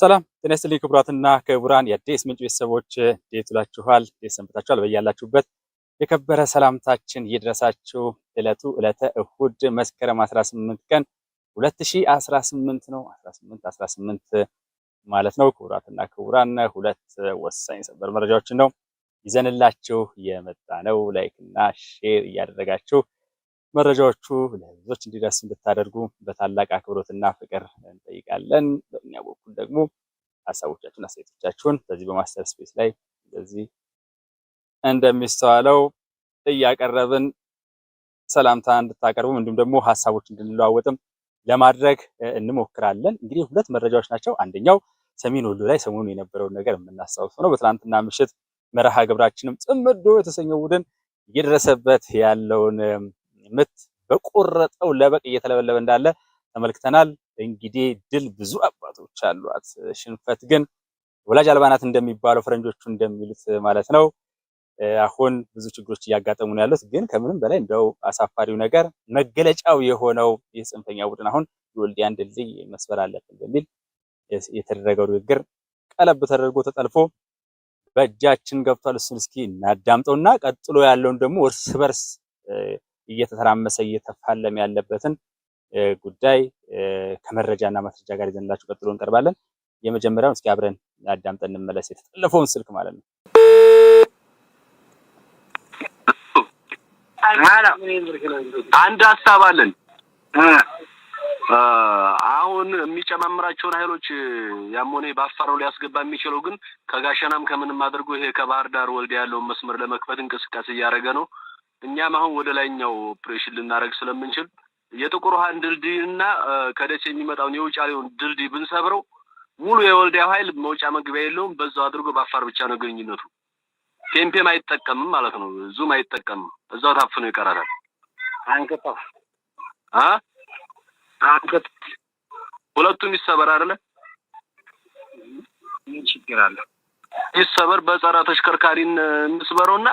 ሰላም ጤና ይስጥልኝ ክቡራትና ክቡራን የአዲስ ምንጭ ቤተሰቦች እንዴት ውላችኋል? እንዴት ሰንብታችኋል? በያላችሁበት የከበረ ሰላምታችን ይድረሳችሁ። እለቱ እለተ እሁድ መስከረም 18 ቀን 2018 ነው። 18 18 ማለት ነው። ክቡራትና ክቡራን ሁለት ወሳኝ ሰበር መረጃዎችን ነው ይዘንላችሁ የመጣ ነው። ላይክና ሼር እያደረጋችሁ መረጃዎቹ ለህዝቦች እንዲደርስ እንድታደርጉ በታላቅ አክብሮትና ፍቅር እንጠይቃለን። በእኛ በኩል ደግሞ ሀሳቦቻችሁን፣ አስተያየቶቻችሁን በዚህ በማስተር ስፔስ ላይ እንደዚህ እንደሚስተዋለው እያቀረብን ሰላምታ እንድታቀርቡም እንዲሁም ደግሞ ሀሳቦች እንድንለዋወጥም ለማድረግ እንሞክራለን። እንግዲህ ሁለት መረጃዎች ናቸው። አንደኛው ሰሜን ወሎ ላይ ሰሞኑን የነበረውን ነገር የምናስታውሰው ነው። በትናንትና ምሽት መርሃ ግብራችንም ጥምዶ የተሰኘው ቡድን እየደረሰበት ያለውን ምት በቆረጠው ለበቅ እየተለበለበ እንዳለ ተመልክተናል። እንግዲህ ድል ብዙ አባቶች አሏት፣ ሽንፈት ግን ወላጅ አልባ ናት እንደሚባለው ፈረንጆቹ እንደሚሉት ማለት ነው። አሁን ብዙ ችግሮች እያጋጠሙ ነው ያሉት። ግን ከምንም በላይ እንደው አሳፋሪው ነገር መገለጫው የሆነው የጽንፈኛ ቡድን አሁን የወልዲያን ድልድይ መስበር አለብን በሚል የተደረገው ንግግር ቀለብ ተደርጎ ተጠልፎ በእጃችን ገብቷል። እሱን እስኪ እናዳምጠውና ቀጥሎ ያለውን ደግሞ እርስ በርስ እየተተራመሰ እየተፋለም ያለበትን ጉዳይ ከመረጃና ማስረጃ ጋር ይዘንላችሁ ቀጥሎ እንቀርባለን። የመጀመሪያውን እስኪ አብረን አዳምጠን እንመለስ። የተጠለፈውን ስልክ ማለት ነው። አንድ ሀሳብ አለን አሁን የሚጨማምራቸውን ኃይሎች የአሞኔ በአፋር ነው ሊያስገባ የሚችለው። ግን ከጋሸናም ከምንም አድርጎ ይሄ ከባህር ዳር ወልድ ያለውን መስመር ለመክፈት እንቅስቃሴ እያደረገ ነው። እኛም አሁን ወደ ላይኛው ኦፕሬሽን ልናደረግ ስለምንችል የጥቁር ውሃን ድልድይ እና ከደሴ የሚመጣውን የውጫሌውን ድልድይ ብንሰብረው ሙሉ የወልዲያው ኃይል መውጫ መግቢያ የለውም። በዛው አድርጎ በአፋር ብቻ ነው ግንኙነቱ። ቴምፔም አይጠቀምም ማለት ነው። ዙም አይጠቀምም። እዛው ታፍኖ ይቀራታል አንቅጠው አንገት ሁለቱም ይሰበር አይደለ? ምን ችግር አለ? ይሰበር በጸረ ተሽከርካሪን እንስበረውና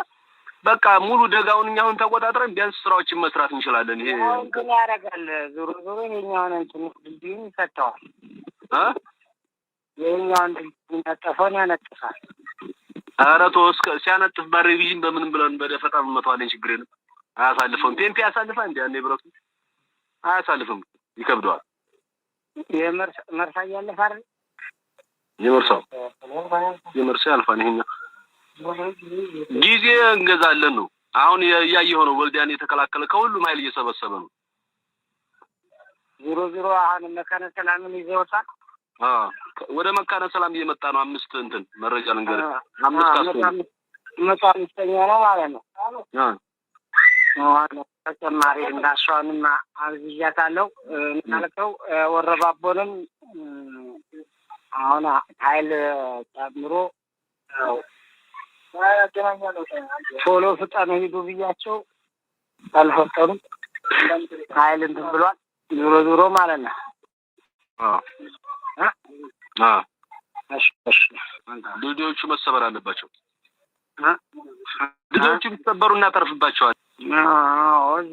በቃ ሙሉ ደጋውን እኛ ተቆጣጥረን ቢያንስ ስራዎችን መስራት እንችላለን። ይሄ ግን ያደርጋል። ዞሮ ዞሮ የኛውን እንትን ድልድዩን ይፈታዋል። የኛውን ድልድዩን ያጠፈውን ያነጥፋል። ኧረ ተወው፣ እስከ ሲያነጥፍ በሬቪዥን በምንም ብለን በደፈጣ መተዋለን። ችግር የለም። አያሳልፈውም። ቴምፒ ያሳልፋ እንዲ ያኔ ብረቱ አያሳልፍም። ይከብደዋል። የመርሳ እያለፈ አይደል? የመርሳው የመርሳ ያልፋል። ይሄኛው ጊዜ እንገዛለን ነው። አሁን እያየሁ ነው። ወልዲያን የተከላከለ ከሁሉም ኃይል እየሰበሰበ ነው። ዞሮ ዞሮ አሁን መካነ ሰላምን ይዘውታል። ወደ መካነ ሰላም እየመጣ ነው። አምስት እንትን መረጃ ልንገር፣ አምስት መቶ አምስተኛ ነው ማለት ነው። ተጨማሪ እና እሷንም አብዝያታለሁ። ምናልከው ወረባቦንም አሁን ኃይል ጨምሮ ቶሎ ፍጠኑ ሂዱ ብያቸው አልፈጠኑም። ኃይል እንትን ብሏል። ዞሮ ዞሮ ማለት ነው። ልጆቹ መሰበር አለባቸው። ብዙዎቹ ቢሰበሩ እናተርፍባቸዋል።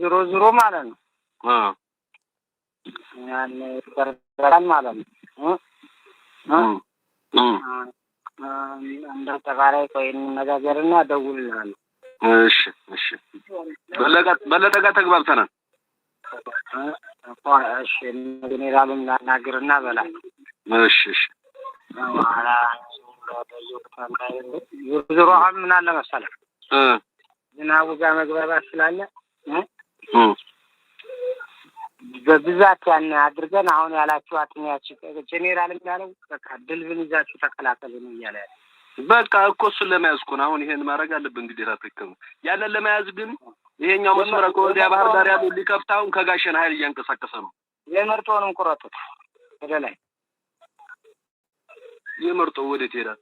ዝሮ ዝሮ ማለት ነው ያን ማለት ነው። እንደ አጠቃላይ ቆይ እንነጋገርና እደውልልሃለሁ። እሺ፣ እሺ። በለጠ ጋር ተግባብተናል። እሺ፣ ጄኔራሉን ላናግርና በላል። እሺ ዞሮ አሁን ምን አለ መሰለህ ዝናቡ ጋር መግባባት ስላለ በብዛት ያን አድርገን አሁን ያላችኋትን ያቺ ጄኔራል እንዳለው በቃ ድልብን ይዛችሁ ተከላከሉ ነው እያለ ያለ በቃ እኮ እሱን ለመያዝ እኮ ነው አሁን ይሄን ማድረግ አለብን ግዴታ ትክክል ያለን ለመያዝ ግን ይሄኛው መስመር እኮ ባህር ዳር ያሉ ሊከፍት አሁን ከጋሸን ሀይል እያንቀሳቀሰ ነው የመርጦንም ቁረጡት ወደ ላይ የመርጦ ወዴት ይሄዳል?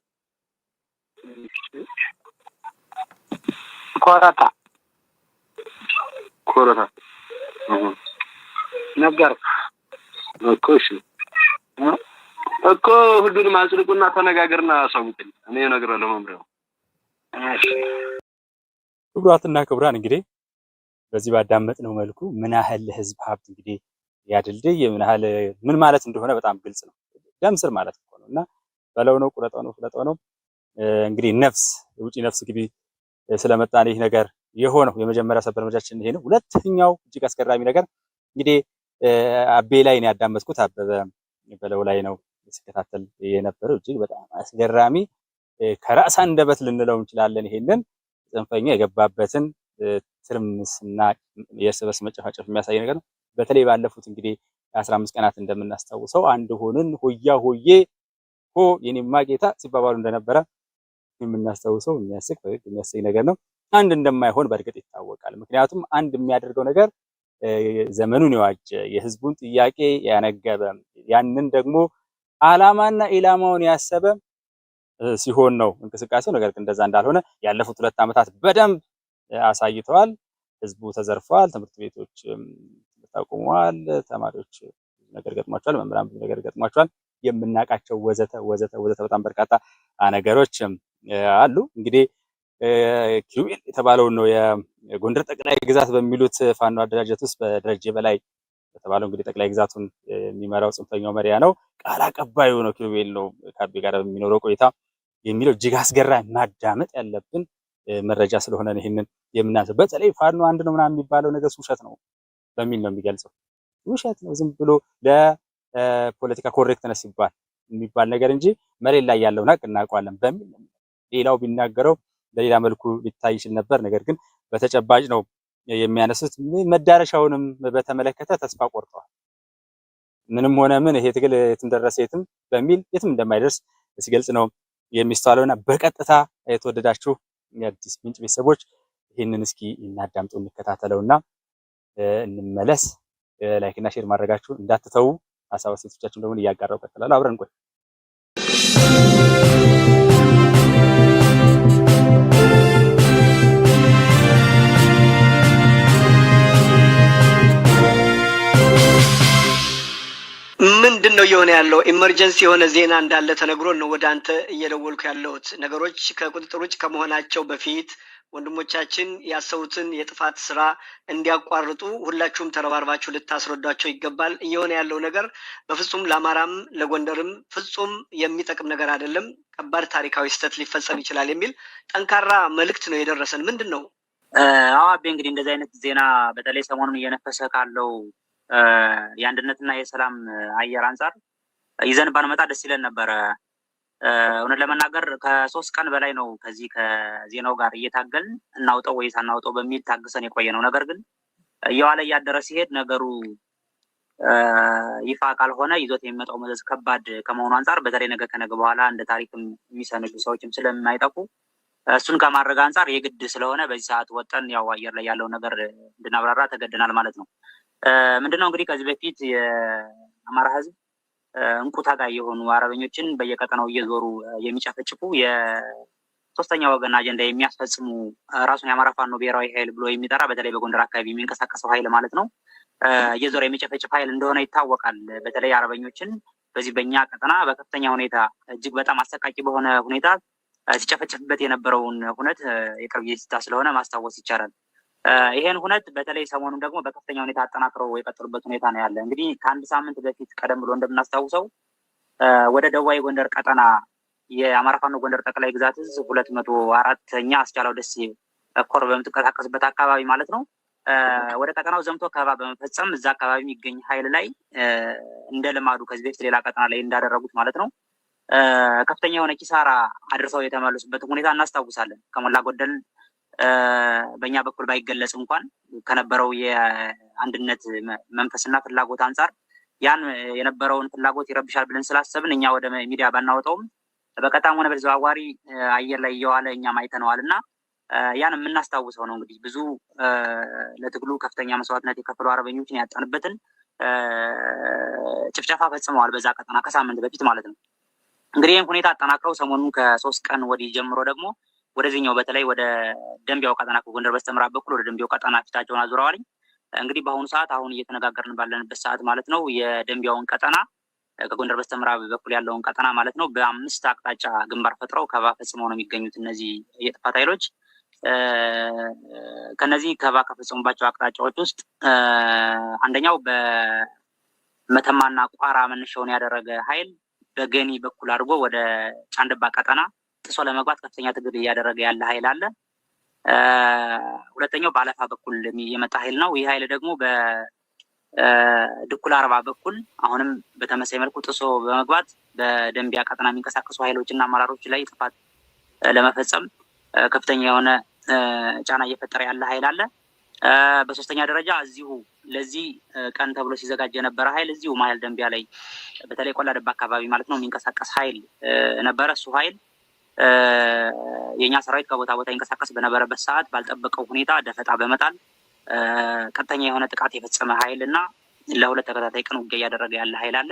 ኮረታ ኮረታ ነገር እኮ እሺ እኮ ሁሉንም አጽድቁና ተነጋገርና አሳውቅልኝ። እኔ እነግርሃለሁ መምሪያው። ክቡራትና ክቡራን እንግዲህ በዚህ ባዳመጥ ነው መልኩ ምን ያህል ህዝብ ሀብት እንግዲህ ያ ድልድይ ምን ያህል ምን ማለት እንደሆነ በጣም ግልጽ ነው። ደም ስር ማለት ነው እና በለው ነው ቁረጠው ነው ፍለጠው ነው። እንግዲህ ነፍስ የውጪ ነፍስ ግቢ ስለመጣን ይህ ነገር የሆነው የመጀመሪያ ሰበር መጃችን ይሄ ነው። ሁለተኛው እጅግ አስገራሚ ነገር እንግዲህ አቤ ላይ ነው ያዳመጥኩት። አበበ በለው ላይ ነው ሲከታተል የነበረው እጅግ በጣም አስገራሚ ከራስ አንደበት ልንለው እንችላለን። ይሄንን ጽንፈኛ የገባበትን ትርምስና የእርስ በርስ መጨፋጨፍ የሚያሳይ ነገር ነው። በተለይ ባለፉት እንግዲህ አስራ አምስት ቀናት እንደምናስታውሰው አንድ ሆንን ሆያ ሆዬ ሆ የኔማ ጌታ ሲባባሉ እንደነበረ የምናስታውሰው የሚያስቅ በግ የሚያስቅ ነገር ነው። አንድ እንደማይሆን በእርግጥ ይታወቃል። ምክንያቱም አንድ የሚያደርገው ነገር ዘመኑን የዋጀ የህዝቡን ጥያቄ ያነገበ ያንን ደግሞ አላማና ኢላማውን ያሰበ ሲሆን ነው እንቅስቃሴው። ነገር ግን እንደዛ እንዳልሆነ ያለፉት ሁለት ዓመታት በደንብ አሳይተዋል። ህዝቡ ተዘርፏል። ትምህርት ቤቶች ተቆሟል። ተማሪዎች ነገር ገጥሟቸዋል። መምህራን ብዙ ነገር ገጥሟቸዋል። የምናውቃቸው ወዘተ ወዘተ ወዘተ በጣም በርካታ ነገሮች አሉ። እንግዲህ ኪሩቤል የተባለውን ነው የጎንደር ጠቅላይ ግዛት በሚሉት ፋኖ አደራጀት ውስጥ በደረጀ በላይ የተባለው እንግዲህ ጠቅላይ ግዛቱን የሚመራው ጽንፈኛው መሪያ ነው። ቃል አቀባዩ ነው ኪሩቤል ነው። ከአቤ ጋር በሚኖረው ቆይታ የሚለው እጅግ አስገራሚ ማዳመጥ ያለብን መረጃ ስለሆነ ይህንን የምናንሰው በተለይ ፋኖ አንድ ነው ምናምን የሚባለው ነገር ውሸት ነው በሚል ነው የሚገልጸው። ውሸት ነው ዝም ብሎ ፖለቲካ ኮሬክትነስ ይባል የሚባል ነገር እንጂ መሬት ላይ ያለውን ሀቅ እናውቀዋለን በሚል ሌላው ቢናገረው በሌላ መልኩ ሊታይ ይችል ነበር። ነገር ግን በተጨባጭ ነው የሚያነሱት። መዳረሻውንም በተመለከተ ተስፋ ቆርጠዋል። ምንም ሆነ ምን ይሄ ትግል የትም ደረሰ የትም በሚል የትም እንደማይደርስ ሲገልጽ ነው የሚስተዋለው እና በቀጥታ የተወደዳችሁ የአዲስ ምንጭ ቤተሰቦች ይህንን እስኪ እናዳምጡ እንከታተለው እና እንመለስ። ላይክና ሼር ማድረጋችሁ እንዳትተዉ። ሀሳብ አስተያየቶቻችሁን ደግሞ እያጋራው አብረን ቆይ ምንድን ነው እየሆነ ያለው? ኢመርጀንሲ የሆነ ዜና እንዳለ ተነግሮ ነው ወደ አንተ እየደወልኩ ያለሁት። ነገሮች ከቁጥጥር ውጭ ከመሆናቸው በፊት ወንድሞቻችን ያሰቡትን የጥፋት ስራ እንዲያቋርጡ ሁላችሁም ተረባርባችሁ ልታስረዷቸው ይገባል። እየሆነ ያለው ነገር በፍጹም ለአማራም ለጎንደርም ፍጹም የሚጠቅም ነገር አይደለም። ከባድ ታሪካዊ ስህተት ሊፈጸም ይችላል የሚል ጠንካራ መልእክት ነው የደረሰን። ምንድን ነው አዋቤ እንግዲህ እንደዚህ አይነት ዜና በተለይ ሰሞኑን እየነፈሰ ካለው የአንድነትና የሰላም አየር አንጻር ይዘን ባንመጣ ደስ ይለን ነበረ። እውነት ለመናገር ከሶስት ቀን በላይ ነው ከዚህ ከዜናው ጋር እየታገልን እናውጠው ወይስ አናውጠው በሚል ታግሰን የቆየ ነው። ነገር ግን እየዋለ እያደረ ሲሄድ ነገሩ ይፋ ካልሆነ ይዞት የሚመጣው መዘዝ ከባድ ከመሆኑ አንጻር በተለይ ነገ ከነገ በኋላ እንደ ታሪክም የሚሰንዱ ሰዎችም ስለማይጠፉ እሱን ከማድረግ አንጻር የግድ ስለሆነ በዚህ ሰዓት ወጠን ያው አየር ላይ ያለውን ነገር እንድናብራራ ተገደናል ማለት ነው። ምንድነው እንግዲህ ከዚህ በፊት የአማራ ህዝብ እንቁ ታጋይ የሆኑ አረበኞችን በየቀጠናው እየዞሩ የሚጨፈጭፉ የሶስተኛ ወገን አጀንዳ የሚያስፈጽሙ ራሱን የአማራ ፋኖ ብሔራዊ ኃይል ብሎ የሚጠራ በተለይ በጎንደር አካባቢ የሚንቀሳቀሰው ኃይል ማለት ነው እየዞረ የሚጨፈጭፍ ኃይል እንደሆነ ይታወቃል። በተለይ አረበኞችን በዚህ በእኛ ቀጠና በከፍተኛ ሁኔታ እጅግ በጣም አሰቃቂ በሆነ ሁኔታ ሲጨፈጭፍበት የነበረውን ሁነት የቅርብ ጊዜ ስለሆነ ማስታወስ ይቻላል። ይሄን ሁነት በተለይ ሰሞኑን ደግሞ በከፍተኛ ሁኔታ አጠናክረው የቀጠሉበት ሁኔታ ነው ያለ። እንግዲህ ከአንድ ሳምንት በፊት ቀደም ብሎ እንደምናስታውሰው ወደ ደቡባዊ ጎንደር ቀጠና የአማራ ፋኖ ጎንደር ጠቅላይ ግዛት እዝ ሁለት መቶ አራተኛ አስቻለው ደሴ ኮር በምትንቀሳቀስበት አካባቢ ማለት ነው ወደ ቀጠናው ዘምቶ ከበባ በመፈጸም እዛ አካባቢ የሚገኝ ኃይል ላይ እንደ ልማዱ ከዚህ በፊት ሌላ ቀጠና ላይ እንዳደረጉት ማለት ነው ከፍተኛ የሆነ ኪሳራ አድርሰው የተመለሱበት ሁኔታ እናስታውሳለን። ከሞላ ጎደል በእኛ በኩል ባይገለጽ እንኳን ከነበረው የአንድነት መንፈስና ፍላጎት አንጻር ያን የነበረውን ፍላጎት ይረብሻል ብለን ስላሰብን እኛ ወደ ሚዲያ ባናወጣውም በቀጥታም ሆነ በተዘዋዋሪ አየር ላይ እየዋለ እኛም አይተነዋል እና ያን የምናስታውሰው ነው። እንግዲህ ብዙ ለትግሉ ከፍተኛ መስዋዕትነት የከፈሉ አርበኞችን ያጣንበትን ጭፍጨፋ ፈጽመዋል። በዛ ቀጠና ከሳምንት በፊት ማለት ነው። እንግዲህ ይህን ሁኔታ አጠናክረው ሰሞኑን ከሶስት ቀን ወዲህ ጀምሮ ደግሞ ወደዚህኛው በተለይ ወደ ደንቢያው ቀጠና ከጎንደር በስተምራብ በኩል ወደ ደንቢያው ቀጠና ፊታቸውን አዙረዋልኝ። እንግዲህ በአሁኑ ሰዓት አሁን እየተነጋገርን ባለንበት ሰዓት ማለት ነው የደንቢያውን ቀጠና ከጎንደር በስተምራብ በኩል ያለውን ቀጠና ማለት ነው በአምስት አቅጣጫ ግንባር ፈጥረው ከባ ፈጽመው ነው የሚገኙት እነዚህ የጥፋት ኃይሎች። ከነዚህ ከባ ከፈጸሙባቸው አቅጣጫዎች ውስጥ አንደኛው በመተማና ቋራ መነሻውን ያደረገ ኃይል በገኒ በኩል አድርጎ ወደ ጫንደባ ቀጠና ጥሶ ለመግባት ከፍተኛ ትግል እያደረገ ያለ ኃይል አለ። ሁለተኛው በአለፋ በኩል የመጣ ኃይል ነው። ይህ ኃይል ደግሞ በድኩል አርባ በኩል አሁንም በተመሳይ መልኩ ጥሶ በመግባት በደንቢያ ቀጠና የሚንቀሳቀሱ ኃይሎችና አመራሮች ላይ ጥፋት ለመፈጸም ከፍተኛ የሆነ ጫና እየፈጠረ ያለ ኃይል አለ። በሶስተኛ ደረጃ እዚሁ ለዚህ ቀን ተብሎ ሲዘጋጅ የነበረ ኃይል እዚሁ ማይል ደንቢያ ላይ በተለይ ቆላ ደባ አካባቢ ማለት ነው የሚንቀሳቀስ ኃይል ነበረ። እሱ ኃይል የእኛ ሰራዊት ከቦታ ቦታ ይንቀሳቀስ በነበረበት ሰዓት ባልጠበቀው ሁኔታ ደፈጣ በመጣል ቀጥተኛ የሆነ ጥቃት የፈጸመ ኃይል እና ለሁለት ተከታታይ ቀን ውጊያ እያደረገ ያለ ኃይል አለ።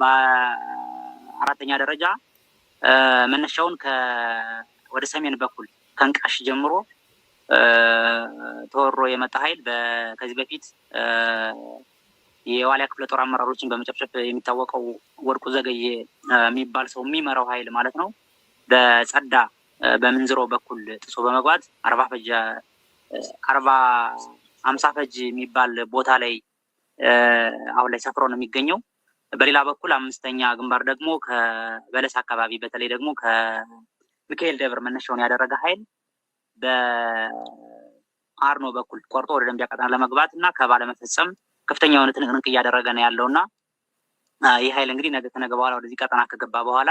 በአራተኛ ደረጃ መነሻውን ወደ ሰሜን በኩል ከንቃሽ ጀምሮ ተወሮ የመጣ ኃይል ከዚህ በፊት የዋሊያ ክፍለ ጦር አመራሮችን በመጨፍጨፍ የሚታወቀው ወርቁ ዘገየ የሚባል ሰው የሚመራው ኃይል ማለት ነው። በጸዳ በምንዝሮ በኩል ጥሶ በመግባት አርባ ፈጅ አርባ አምሳ ፈጅ የሚባል ቦታ ላይ አሁን ላይ ሰፍሮ ነው የሚገኘው። በሌላ በኩል አምስተኛ ግንባር ደግሞ ከበለስ አካባቢ በተለይ ደግሞ ከሚካኤል ደብር መነሻውን ያደረገ ኃይል በአርኖ በኩል ቆርጦ ወደ ደንቢያ ቀጠና ለመግባት እና ከባለመፈጸም ከፍተኛ የሆነ ትንቅንቅ እያደረገ ነው ያለው እና ይህ ኃይል እንግዲህ ነገ ከነገ በኋላ ወደዚህ ቀጠና ከገባ በኋላ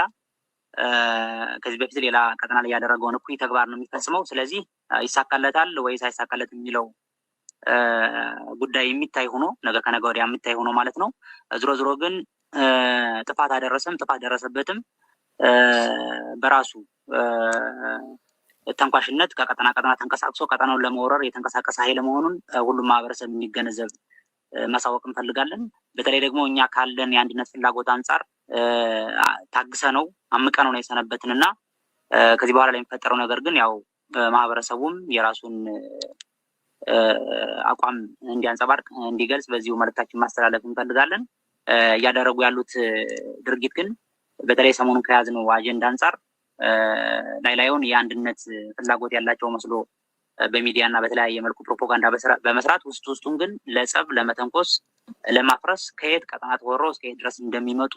ከዚህ በፊት ሌላ ቀጠና ላይ ያደረገውን እኩይ ተግባር ነው የሚፈጽመው። ስለዚህ ይሳካለታል ወይስ አይሳካለት የሚለው ጉዳይ የሚታይ ሆኖ ነገ ከነገ ወዲያ የሚታይ ሆኖ ማለት ነው። ዝሮ ዝሮ ግን ጥፋት አደረሰም ጥፋት ደረሰበትም በራሱ ተንኳሽነት ከቀጠና ቀጠና ተንቀሳቅሶ ቀጠናውን ለመውረር የተንቀሳቀሰ ኃይል መሆኑን ሁሉም ማህበረሰብ የሚገነዘብ ማሳወቅ እንፈልጋለን። በተለይ ደግሞ እኛ ካለን የአንድነት ፍላጎት አንጻር ታግሰ ነው አምቀ ነው የሰነበትን እና ከዚህ በኋላ ላይ የሚፈጠረው ነገር ግን ያው ማህበረሰቡም የራሱን አቋም እንዲያንጸባርቅ እንዲገልጽ በዚሁ መልእክታችን ማስተላለፍ እንፈልጋለን። እያደረጉ ያሉት ድርጊት ግን በተለይ ሰሞኑን ከያዝነው አጀንዳ አንጻር ላይ ላይሆን የአንድነት ፍላጎት ያላቸው መስሎ በሚዲያ እና በተለያየ መልኩ ፕሮፓጋንዳ በመስራት ውስጥ ውስጡን ግን ለጸብ፣ ለመተንኮስ፣ ለማፍረስ ከየት ቀጠና ተወረው እስከየት ድረስ እንደሚመጡ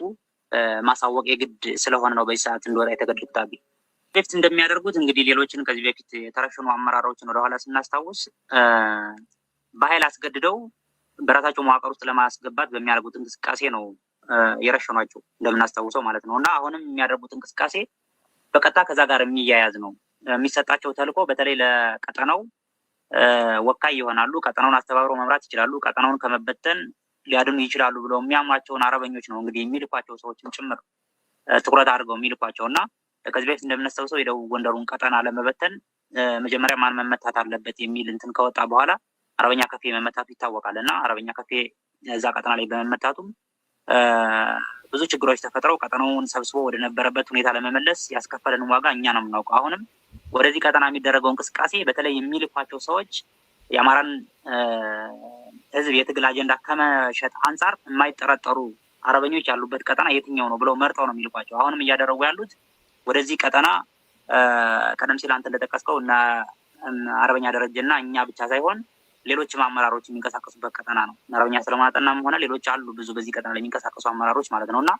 ማሳወቅ የግድ ስለሆነ ነው በዚህ ሰዓት እንደወጣ የተገደዱት አብይ እንደሚያደርጉት እንግዲህ ሌሎችን ከዚህ በፊት የተረሸኑ አመራሮችን ወደኋላ ስናስታውስ በኃይል አስገድደው በራሳቸው መዋቅር ውስጥ ለማስገባት በሚያደርጉት እንቅስቃሴ ነው የረሸኗቸው እንደምናስታውሰው ማለት ነው። እና አሁንም የሚያደርጉት እንቅስቃሴ በቀጥታ ከዛ ጋር የሚያያዝ ነው። የሚሰጣቸው ተልዕኮ በተለይ ለቀጠናው ወካይ ይሆናሉ። ቀጠናውን አስተባብረው መምራት ይችላሉ። ቀጠናውን ከመበተን ሊያድኑ ይችላሉ ብለው የሚያምናቸውን አረበኞች ነው እንግዲህ የሚልኳቸው ሰዎችን ጭምር ትኩረት አድርገው የሚልኳቸው እና ከዚህ በፊት እንደምናስታውሰው የደቡብ ጎንደሩን ቀጠና ለመበተን መጀመሪያ ማን መመታት አለበት የሚል እንትን ከወጣ በኋላ አረበኛ ከፌ መመታቱ ይታወቃል። እና አረበኛ ከፌ እዛ ቀጠና ላይ በመመታቱም ብዙ ችግሮች ተፈጥረው ቀጠናውን ሰብስቦ ወደነበረበት ሁኔታ ለመመለስ ያስከፈለን ዋጋ እኛ ነው የምናውቀው። አሁንም ወደዚህ ቀጠና የሚደረገው እንቅስቃሴ በተለይ የሚልኳቸው ሰዎች የአማራን ህዝብ የትግል አጀንዳ ከመሸጥ አንጻር የማይጠረጠሩ አርበኞች ያሉበት ቀጠና የትኛው ነው ብለው መርጠው ነው የሚልኳቸው። አሁንም እያደረጉ ያሉት ወደዚህ ቀጠና ቀደም ሲል አንተ እንደጠቀስከው እና አርበኛ ደረጀ እና እኛ ብቻ ሳይሆን ሌሎችም አመራሮች የሚንቀሳቀሱበት ቀጠና ነው። አረበኛ ስለማጠናም ሆነ ሌሎች አሉ ብዙ በዚህ ቀጠና ላይ የሚንቀሳቀሱ አመራሮች ማለት ነው እና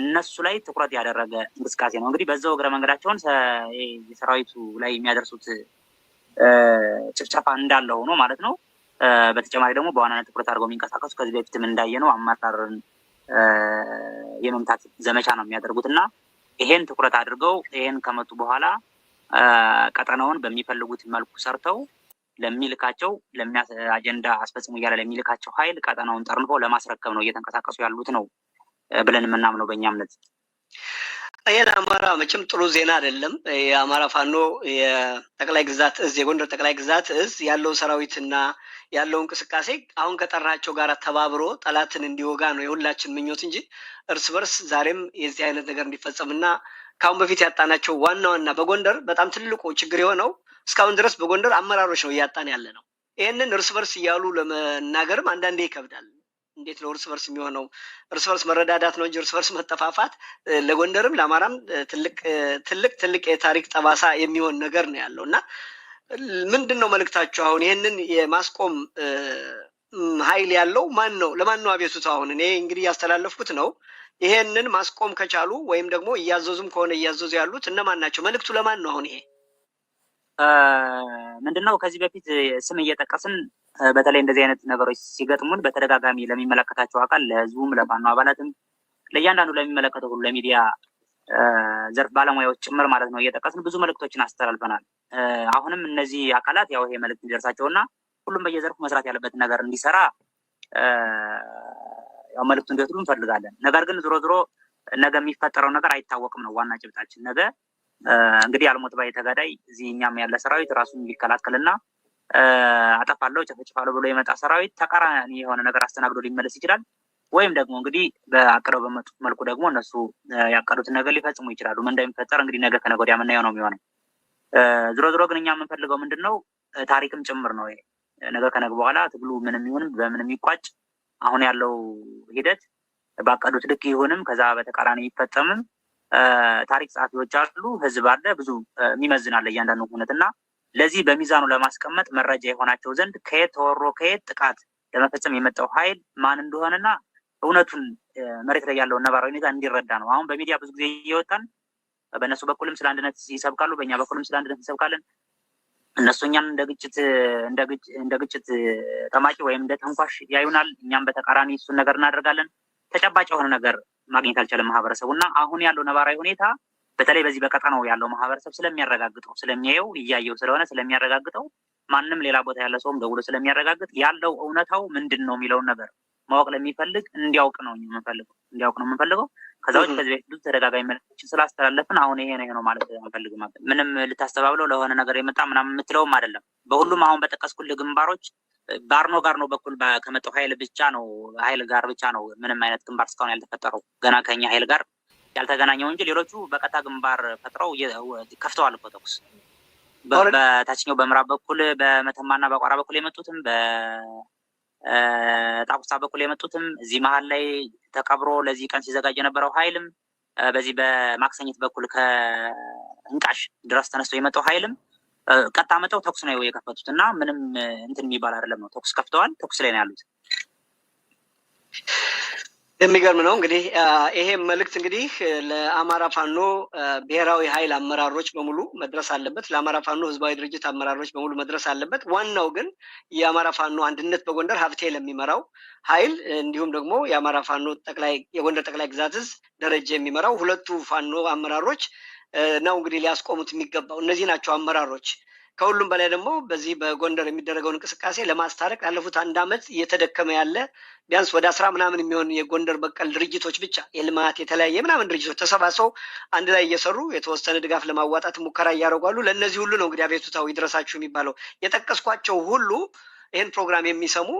እነሱ ላይ ትኩረት ያደረገ እንቅስቃሴ ነው። እንግዲህ በዛው እግረ መንገዳቸውን የሰራዊቱ ላይ የሚያደርሱት ጭፍጨፋ እንዳለ ሆኖ ማለት ነው በተጨማሪ ደግሞ በዋናነት ትኩረት አድርገው የሚንቀሳቀሱ ከዚህ በፊትም እንዳየ ነው አመራርን የመምታት ዘመቻ ነው የሚያደርጉት እና ይሄን ትኩረት አድርገው ይሄን ከመጡ በኋላ ቀጠናውን በሚፈልጉት መልኩ ሰርተው ለሚልካቸው አጀንዳ አስፈጽሙ እያለ ለሚልካቸው ኃይል ቀጠናውን ጠርንፎ ለማስረከብ ነው እየተንቀሳቀሱ ያሉት ነው ብለን የምናምነው በእኛ እምነት። ይህን አማራ መቼም ጥሩ ዜና አይደለም። የአማራ ፋኖ የጠቅላይ ግዛት እዝ የጎንደር ጠቅላይ ግዛት እዝ ያለው ሰራዊትና ያለው እንቅስቃሴ አሁን ከጠራቸው ጋር ተባብሮ ጠላትን እንዲወጋ ነው የሁላችን ምኞት እንጂ እርስ በርስ ዛሬም የዚህ አይነት ነገር እንዲፈጸምና ከአሁን በፊት ያጣናቸው ዋና ዋና በጎንደር በጣም ትልቁ ችግር የሆነው እስካሁን ድረስ በጎንደር አመራሮች ነው እያጣን ያለ ነው። ይህንን እርስ በርስ እያሉ ለመናገርም አንዳንዴ ይከብዳል። እንዴት ነው እርስ በርስ የሚሆነው? እርስ በርስ መረዳዳት ነው እንጂ እርስ በርስ መጠፋፋት ለጎንደርም ለአማራም ትልቅ ትልቅ የታሪክ ጠባሳ የሚሆን ነገር ነው ያለው እና ምንድን ነው መልእክታችሁ? አሁን ይህንን የማስቆም ኃይል ያለው ማን ነው? ለማን ነው አቤቱታ? አሁን እኔ እንግዲህ እያስተላለፍኩት ነው። ይሄንን ማስቆም ከቻሉ ወይም ደግሞ እያዘዙም ከሆነ እያዘዙ ያሉት እነማን ናቸው? መልእክቱ ለማን ነው? አሁን ይሄ ምንድን ነው? ከዚህ በፊት ስም እየጠቀስን በተለይ እንደዚህ አይነት ነገሮች ሲገጥሙን በተደጋጋሚ ለሚመለከታቸው አካል ለህዝቡም፣ ለፋኖ አባላትም፣ ለእያንዳንዱ ለሚመለከተው ሁሉ ለሚዲያ ዘርፍ ባለሙያዎች ጭምር ማለት ነው እየጠቀስን ብዙ መልእክቶችን አስተላልፈናል። አሁንም እነዚህ አካላት ያው ይሄ መልእክት እንዲደርሳቸውና ሁሉም በየዘርፉ መስራት ያለበት ነገር እንዲሰራ ያው መልእክቱ እንዲወስዱ እንፈልጋለን። ነገር ግን ዞሮ ዞሮ ነገ የሚፈጠረው ነገር አይታወቅም ነው ዋና ጭብጣችን። ነገ እንግዲህ አልሞት ባይ ተጋዳይ እዚህ እኛም ያለ ሰራዊት ራሱን ሊከላከልና አጠፋለሁ፣ ጨፈጭፋለሁ ብሎ የመጣ ሰራዊት ተቃራኒ የሆነ ነገር አስተናግዶ ሊመለስ ይችላል። ወይም ደግሞ እንግዲህ በአቅደው በመጡት መልኩ ደግሞ እነሱ ያቀዱትን ነገር ሊፈጽሙ ይችላሉ። ምን እንደሚፈጠር እንግዲህ ነገ ከነገ ወዲያ የምናየው ነው የሚሆነው። ዝሮ ዝሮ ግን እኛ የምንፈልገው ምንድን ነው ታሪክም ጭምር ነው። ነገ ከነገ በኋላ ትግሉ ምንም ይሁን በምንም ይቋጭ፣ አሁን ያለው ሂደት ባቀዱት ልክ ይሁንም ከዛ በተቃራኒ ይፈጸምም፣ ታሪክ ጸሐፊዎች አሉ፣ ህዝብ አለ፣ ብዙ የሚመዝናለ እያንዳንዱ እያንዳንዱ እና ለዚህ በሚዛኑ ለማስቀመጥ መረጃ የሆናቸው ዘንድ ከየት ተወሮ ከየት ጥቃት ለመፈጸም የመጣው ኃይል ማን እንደሆነና እውነቱን መሬት ላይ ያለውን ነባራዊ ሁኔታ እንዲረዳ ነው። አሁን በሚዲያ ብዙ ጊዜ እየወጣን በእነሱ በኩልም ስለ አንድነት ይሰብካሉ፣ በእኛ በኩልም ስለ አንድነት እንሰብካለን። እነሱ እኛን እንደ ግጭት ጠማቂ ወይም እንደ ተንኳሽ ያዩናል። እኛም በተቃራኒ እሱን ነገር እናደርጋለን። ተጨባጭ የሆነ ነገር ማግኘት አልቻለም ማህበረሰቡ እና አሁን ያለው ነባራዊ ሁኔታ በተለይ በዚህ በቀጠናው ያለው ማህበረሰብ ስለሚያረጋግጠው ስለሚያየው እያየው ስለሆነ ስለሚያረጋግጠው ማንም ሌላ ቦታ ያለ ሰውም ደውሎ ስለሚያረጋግጥ ያለው እውነታው ምንድን ነው የሚለውን ነገር ማወቅ ለሚፈልግ እንዲያውቅ ነው የምንፈልገው እንዲያውቅ ነው የምንፈልገው። ከዛ ውጭ ከዚህ በፊት ብዙ ተደጋጋሚ መልእክቶችን ስላስተላለፍን አሁን ይሄ ነው ነው ማለት አንፈልግም። ምንም ልታስተባብለው ለሆነ ነገር የመጣ ምናምን የምትለውም አይደለም። በሁሉም አሁን በጠቀስኩል ግንባሮች ባርኖ ጋር ነው በኩል ከመጣው ኃይል ብቻ ነው ኃይል ጋር ብቻ ነው ምንም አይነት ግንባር እስካሁን ያልተፈጠረው ገና ከኛ ሀይል ጋር ያልተገናኘው እንጂ ሌሎቹ በቀጥታ ግንባር ፈጥረው ከፍተዋል እኮ ተኩስ። በታችኛው በምዕራብ በኩል በመተማና በቋራ በኩል የመጡትም በጣቁሳ በኩል የመጡትም እዚህ መሀል ላይ ተቀብሮ ለዚህ ቀን ሲዘጋጅ የነበረው ኃይልም በዚህ በማክሰኝት በኩል ከእንቃሽ ድረስ ተነስቶ የመጣው ኃይልም ቀጥታ መጠው ተኩስ ነው የከፈቱት እና ምንም እንትን የሚባል አይደለም ነው። ተኩስ ከፍተዋል። ተኩስ ላይ ነው ያሉት። የሚገርም ነው እንግዲህ ይሄ መልእክት እንግዲህ ለአማራ ፋኖ ብሔራዊ ኃይል አመራሮች በሙሉ መድረስ አለበት። ለአማራ ፋኖ ህዝባዊ ድርጅት አመራሮች በሙሉ መድረስ አለበት። ዋናው ግን የአማራ ፋኖ አንድነት በጎንደር ሀብቴ ለሚመራው ኃይል እንዲሁም ደግሞ የአማራ ፋኖ ጠቅላይ የጎንደር ጠቅላይ ግዛትዝ ደረጃ ደረጀ የሚመራው ሁለቱ ፋኖ አመራሮች ነው እንግዲህ ሊያስቆሙት የሚገባው እነዚህ ናቸው አመራሮች ከሁሉም በላይ ደግሞ በዚህ በጎንደር የሚደረገውን እንቅስቃሴ ለማስታረቅ ላለፉት አንድ አመት እየተደከመ ያለ ቢያንስ ወደ አስራ ምናምን የሚሆን የጎንደር በቀል ድርጅቶች ብቻ የልማት የተለያየ ምናምን ድርጅቶች ተሰባስበው አንድ ላይ እየሰሩ የተወሰነ ድጋፍ ለማዋጣት ሙከራ እያደረጓሉ። ለእነዚህ ሁሉ ነው እንግዲህ አቤቱታው ይድረሳችሁ የሚባለው። የጠቀስኳቸው ሁሉ ይህን ፕሮግራም የሚሰሙ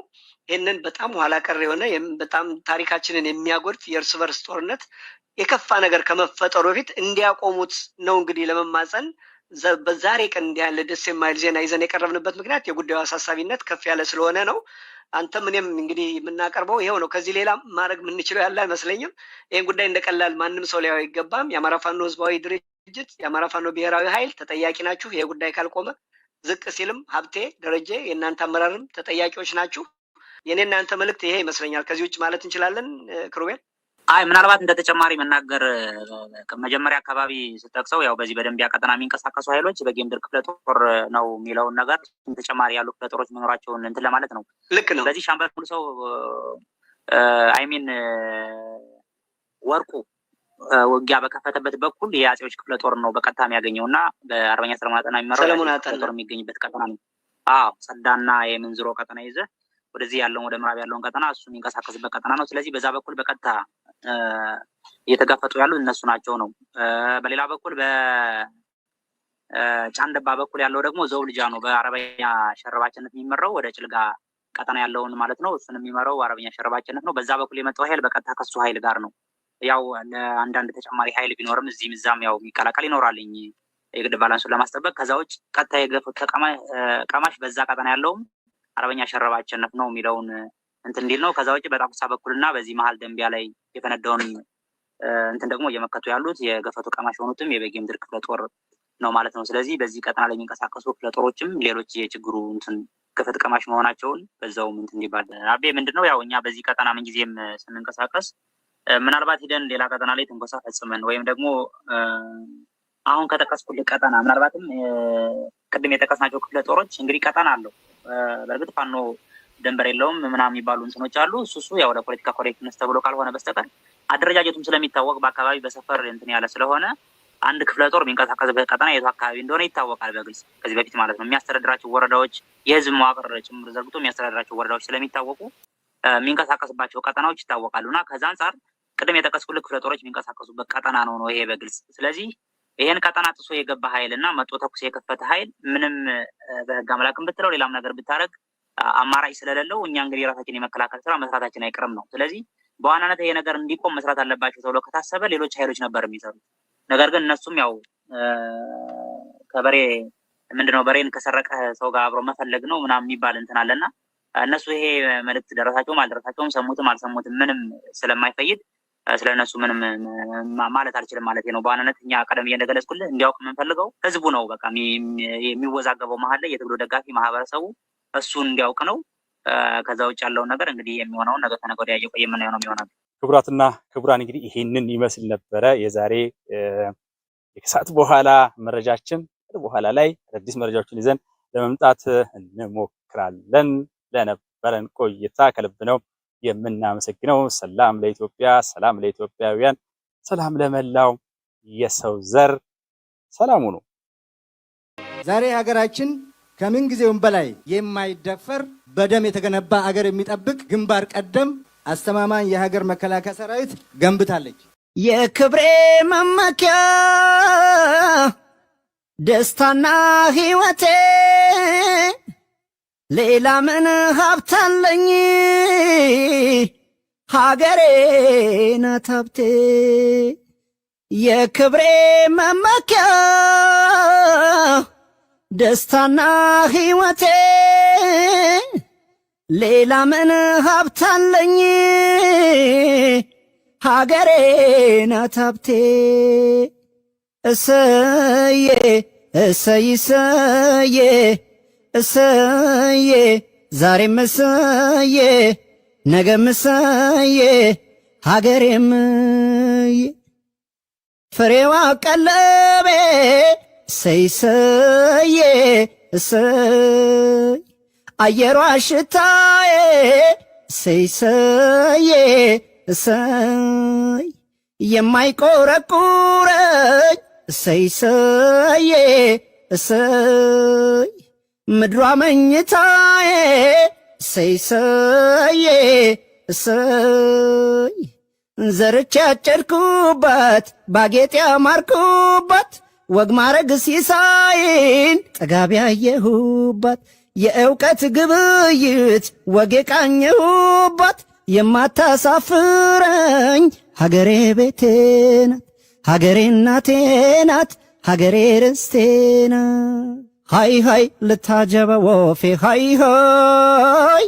ይህንን በጣም ኋላ ቀር የሆነ በጣም ታሪካችንን የሚያጎድፍ የእርስ በርስ ጦርነት የከፋ ነገር ከመፈጠሩ በፊት እንዲያቆሙት ነው እንግዲህ ለመማፀን በዛሬ ቀን እንዲህ ያለ ደስ የማይል ዜና ይዘን የቀረብንበት ምክንያት የጉዳዩ አሳሳቢነት ከፍ ያለ ስለሆነ ነው። አንተም እኔም እንግዲህ የምናቀርበው ይኸው ነው። ከዚህ ሌላ ማድረግ የምንችለው ያለ አይመስለኝም። ይህን ጉዳይ እንደቀላል ማንም ሰው ሊያው አይገባም። የአማራ ፋኖ ህዝባዊ ድርጅት፣ የአማራ ፋኖ ብሔራዊ ኃይል ተጠያቂ ናችሁ። ይሄ ጉዳይ ካልቆመ ዝቅ ሲልም ሀብቴ ደረጀ፣ የእናንተ አመራርም ተጠያቂዎች ናችሁ። የኔ እናንተ መልእክት ይሄ ይመስለኛል። ከዚህ ውጭ ማለት እንችላለን ክሩቤል አይ ምናልባት እንደ ተጨማሪ መናገር መጀመሪያ አካባቢ ስጠቅሰው ያው በዚህ በደንቢያ ቀጠና የሚንቀሳቀሱ ኃይሎች በጌምድር ክፍለ ጦር ነው የሚለውን ነገር ተጨማሪ ያሉ ክፍለ ጦሮች መኖራቸውን እንትን ለማለት ነው። ልክ ነው። በዚህ ሻምበል ሙሉ ሰው አይሚን ወርቁ ውጊያ በከፈተበት በኩል የአጼዎች ክፍለ ጦር ነው በቀጥታ የሚያገኘው እና በአርበኛ ሰለሞን አጠና የሚመራው የሚገኝበት ቀጠና ነው። አዎ ጸዳና የምንዝሮ ቀጠና ይዘ ወደዚህ ያለውን ወደ ምዕራብ ያለውን ቀጠና እሱ የሚንቀሳቀስበት ቀጠና ነው። ስለዚህ በዛ በኩል በቀጥታ እየተጋፈጡ ያሉ እነሱ ናቸው ነው። በሌላ በኩል በጫንደባ በኩል ያለው ደግሞ ልጃ ነው። በአረበኛ ሸረባችነት የሚመራው ወደ ጭልጋ ቀጠና ያለውን ማለት ነው። እሱን የሚመራው አረበኛ ሸረባችነት ነው። በዛ በኩል የመጣው ኃይል በቀጥታ ከሱ ኃይል ጋር ነው። ያው ለአንዳንድ ተጨማሪ ኃይል ቢኖርም እዚህም እዛም ያው የሚቀላቀል ይኖራልኝ የግድ ባላንሱን ለማስጠበቅ ከዛ ውጭ ቀጥታ የገፉት ቀማሽ በዛ ቀጠና ያለውም አረበኛ ሸረባችነት ነው የሚለውን እንትን እንዲል ነው። ከዛ ውጭ በጣቁሳ በኩልና በዚህ መሀል ደንቢያ ላይ የፈነዳውን እንትን ደግሞ እየመከቱ ያሉት የገፈቱ ቀማሽ የሆኑትም የበጌ ምድር ክፍለ ጦር ነው ማለት ነው። ስለዚህ በዚህ ቀጠና ላይ የሚንቀሳቀሱ ክፍለ ጦሮችም ሌሎች የችግሩ እንትን ገፈት ቀማሽ መሆናቸውን በዛውም እንትን እንዲባል አቤ ምንድን ነው ያው እኛ በዚህ ቀጠና ምንጊዜም ስንንቀሳቀስ ምናልባት ሂደን ሌላ ቀጠና ላይ ትንኮሳ ፈጽመን ወይም ደግሞ አሁን ከጠቀስኩልህ ቀጠና ምናልባትም ቅድም የጠቀስናቸው ክፍለ ጦሮች እንግዲህ ቀጠና አለው። በእርግጥ ፋኖ ደንበር የለውም ምናምን የሚባሉ እንትኖች አሉ። እሱሱ ያው ለፖለቲካ ኮሬክትነስ ተብሎ ካልሆነ በስተቀር አደረጃጀቱም ስለሚታወቅ በአካባቢ በሰፈር እንትን ያለ ስለሆነ አንድ ክፍለ ጦር የሚንቀሳቀስበት ቀጠና የቱ አካባቢ እንደሆነ ይታወቃል፣ በግልጽ ከዚህ በፊት ማለት ነው። የሚያስተዳድራቸው ወረዳዎች የህዝብ መዋቅር ጭምር ዘርግቶ የሚያስተዳድራቸው ወረዳዎች ስለሚታወቁ የሚንቀሳቀስባቸው ቀጠናዎች ይታወቃሉ እና ከዛ አንጻር ቅድም የጠቀስኩልህ ክፍለ ጦሮች የሚንቀሳቀሱበት ቀጠና ነው ነው ይሄ በግልጽ ስለዚህ ይህን ቀጠና ጥሶ የገባ ኃይል እና መጦ ተኩስ የከፈተ ኃይል ምንም በህግ አምላክም ብትለው ሌላም ነገር ብታደረግ አማራጭ ስለሌለው እኛ እንግዲህ የራሳችን የመከላከል ስራ መስራታችን አይቀርም ነው። ስለዚህ በዋናነት ይሄ ነገር እንዲቆም መስራት አለባቸው ተብሎ ከታሰበ ሌሎች ኃይሎች ነበር የሚሰሩት። ነገር ግን እነሱም ያው ከበሬ ምንድነው በሬን ከሰረቀ ሰው ጋር አብሮ መፈለግ ነው ምናምን የሚባል እንትን አለና እነሱ ይሄ መልእክት ደረሳቸውም አልደረሳቸውም ሰሙትም አልሰሙትም ምንም ስለማይፈይድ ስለ እነሱ ምንም ማለት አልችልም ማለት ነው። በዋናነት እኛ ቀደም ብዬ እንዲያውቅ የምንፈልገው ህዝቡ ነው። በቃ የሚወዛገበው መሀል ላይ የትግሉ ደጋፊ ማህበረሰቡ እሱን እንዲያውቅ ነው። ከዛ ውጭ ያለውን ነገር እንግዲህ የሚሆነውን ነገ ከነገ ወዲያ እየቆየ የምናየው ነው የሚሆነው። ክቡራትና ክቡራን እንግዲህ ይሄንን ይመስል ነበረ የዛሬ የከሰዓት በኋላ መረጃችን። በኋላ ላይ አዳዲስ መረጃዎችን ይዘን ለመምጣት እንሞክራለን። ለነበረን ቆይታ ከልብ ነው የምናመሰግነው። ሰላም ለኢትዮጵያ፣ ሰላም ለኢትዮጵያውያን፣ ሰላም ለመላው የሰው ዘር ሰላሙ ነው። ዛሬ ሀገራችን ከምን ጊዜውም በላይ የማይደፈር በደም የተገነባ አገር የሚጠብቅ ግንባር ቀደም አስተማማኝ የሀገር መከላከያ ሰራዊት ገንብታለች። የክብሬ መመኪያ ደስታና ሕይወቴ ሌላ ምን ሀብታለኝ ሀገሬ ናት የክብሬ መመኪያ ደስታና ሕይወቴ ሌላ ምን ሀብታለኝ ሀገሬ ናት ሀብቴ። እሰዬ እሰይ እሰዬ እሰዬ ዛሬም እሰዬ ነገም እሰዬ ሀገሬም ፍሬዋ ቀለቤ ሰይሰዬ እሰይ አየሯ ሽታዬ ሰይሰዬ እሰይ የማይቆረቁረኝ ሰይሰዬ እሰይ ምድሯ መኝታዬ ሰይሰዬ እሰይ ዘርቼ ያጨድኩባት ባጌጥ ያማርኩበት! ወግ ማረግ ሲሳይን ጠጋቢ ያየሁባት የእውቀት ግብይት ወግ የቃኘሁባት የማታሳፍረኝ ሀገሬ ቤቴ ናት፣ ሀገሬ እናቴ ናት፣ ሀገሬ ርስቴ ናት። ሃይ ሃይ ልታጀበ ወፌ ሃይ ሀይ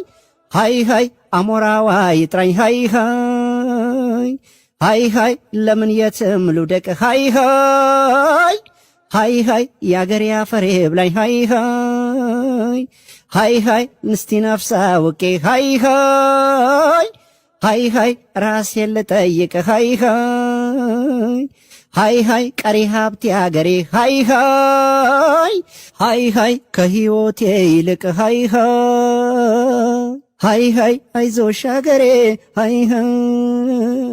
ሀይ ሀይ አሞራዋ ይጥራኝ ሀይ ሀይ ሃይ ሃይ ለምን የትም ልውደቅ ሃይ ሃይ ሃይ ሃይ የአገሬ አፈሬ ብላኝ ሃይ ሃይ ሃይ ሃይ ንስቲ ነፍሳ ውቄ ሃይ ሃይ ሃይ ሃይ ራሴን ልጠይቅ ሃይ ሃይ ሃይ ሃይ ቀሪ ሀብቴ አገሬ ሃይ ሃይ ሃይ ሃይ ከህይወቴ ይልቅ ሃይ ሃይ ሃይ ሃይ አይዞሽ አገሬ ሃይ ሃይ